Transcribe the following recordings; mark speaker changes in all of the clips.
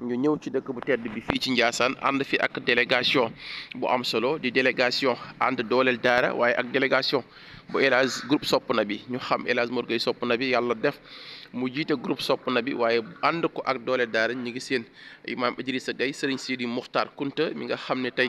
Speaker 1: ñu ñëw ci dëkk bu tedd bi fii ci Njaasaan ànd fi ak délégation bu am solo di délégation ànd dooleel daara waaye ak délégation bu El groupe sopp na bi ñu xam El Hadj Mor sopp na bi yàlla def mu jiite groupe sopp na bi waaye ànd ko ak doole daara ñi ngi seen imaam sa Gueye Serigne Sidi Muxtaar Kunta mi nga xam ne tey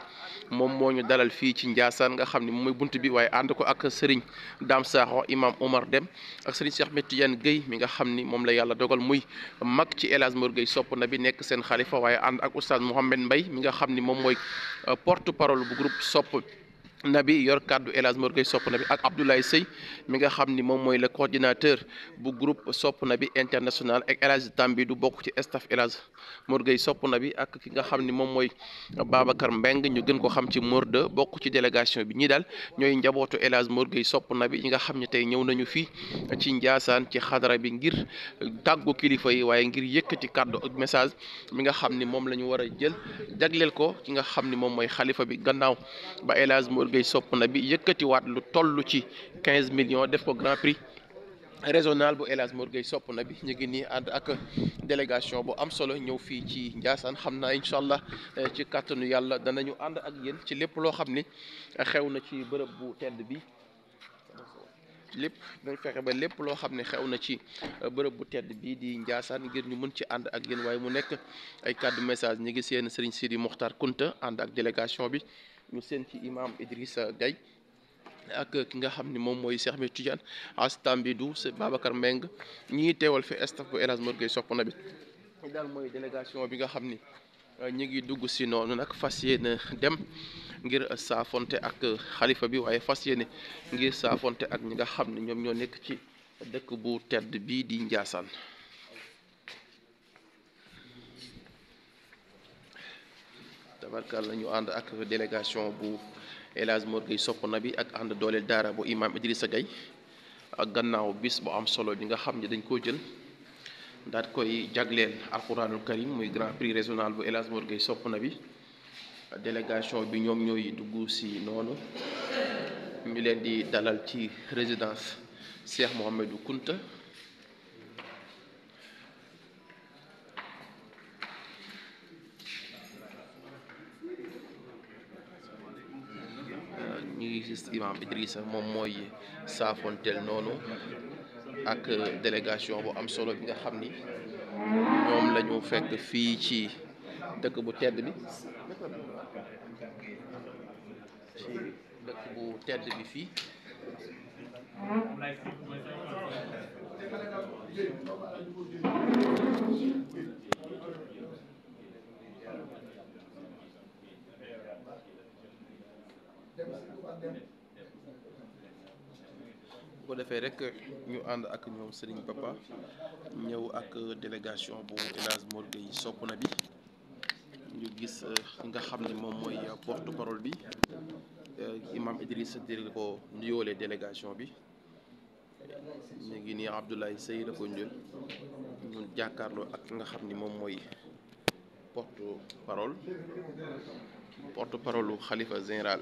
Speaker 1: moom moo ñu dalal fii ci Njaasaan nga xam ne mooy bunt bi waaye ànd ko ak Serigne Dame Sakho imaam Omar Dem ak Serigne Cheikh Ahmed Tidiane mi nga xam ni moom la yàlla dogal muy mag ci El Hadj Mor sopp na bi nekk seen xalifa waaye ànd ak oustaz Mouhamed mbay mi nga xam ni moom mooy euh, porte parole bu groupe sopp bi yor kàddu El Hadj Mor Gueye Sopp Nabi ak Abdoulaye Sey mi nga xam ni moom mooy le coordinateur bu groupe Sopp bi international ak El Hadj bi du bokk ci staff elage Hadj Mor Gueye Sopp Nabi ak ki nga xam ni moom mooy Babacar Mbeng ñu gën ko xam ci Morde bokk ci délégation bi ñi daal ñooy njabootu El Hadj Mor Gueye Sopp Nabi ñi nga xam ne tey ñëw nañu fi ci Njaasaan ci xadara bi ngir tàggu kilifa yi waaye ngir yëkkati kàddu ak message mi nga xam ni moom la ñu war a jël jagleel ko ki nga xam ni moom mooy xalifa bi gannaaw Mamour Gueye sopp yëkëti waat lu tollu ci 15 millions def ko grand prix régional bu El Hadj Mor Gueye sopp bi ñu ngi ni and ak délégation bu am solo ñëw fi ci Ndiassane xamna inshallah incha allah eh, ci kàttanu yàlla danañu and ak yeen ci lepp lo xamni xewna ci bërepp bu tedd bi lepp dañ fexé ba lepp lo xamni xewna ci eh, bërepp bu tedd bi di Ndiassane ngir ñu mën ci and ak yeen way mu nekk ay kàddu message ñi ngi seen Serigne Sidi Mokhtar Kunta and ak délégation bi ñu seen ci imam Idrissa Gueye ak ki nga xam ni moom mooy Cheikh Ahmed Tidiane du c'est Babacar Meng ñi teewal fi staff bu El Hadj sopp na bi daal mooy délégation bi nga xam ni euh, ñu ngi dugg si noonu nag fas yéene dem ngir saafonte ak xalifa bi waaye fas yéene ngir saafonte ak ñi nga xam ne ñoom ñoo nekk ci dëkk bu tedd bii di Njaasaan tabarkalla ñu ànd ak délégation bu El Hadj Mor sopp na bi ak ànd dooleel daara bu imam Idrissa Gueye ak gannaaw bis bu am solo bi nga xam ne dañ koo jël daat koy jagleel alquranul karim muy grand prix régional bu El Hadj Mor Gueye sopp na bi délégation bi ñoom ñooy dugg si noonu ñu leen di dalal ci résidence Cheikh Mohamedou Kunta ñu ngi gis imam moom mooy saafonteel noonu ak délégation bu am solo bi nga xam ni ñoom la fekk fii ci dëkk bu tedd bi ci dëkk bu tedd bi fii bu ko defee rek ñu ànd ak ñoom Serigne Papa ñëw ak délégation bu El Hadj Mor sopp na bi ñu gis euh, nga xam ne moom mooy porte parole bi euh, imam Idriss dir ko nuyoolee délégation bi ñu ngi nii Abdoulaye Seye la ko njël ñun jàkkaarloo ak nga xam ni moom mooy porte parole porte parolu xalifa général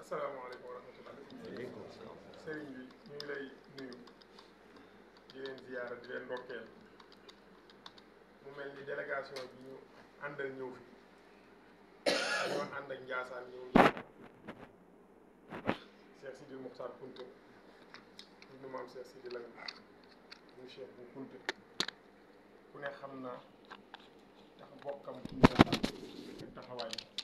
Speaker 1: asalaamaaleykum wa rahmatulah. waaleykum salaam. bi ñu lay nuyu di leen ziyaara di leen ndokkeel mu mel ni délégation bi ñu àndal ñëw fi dañoo ànd ak Njaasaan ñëw ñëw Cheikh Sidi Mokhtar Kounta ñu ku ne xam na tax bokkam ci Njaasaan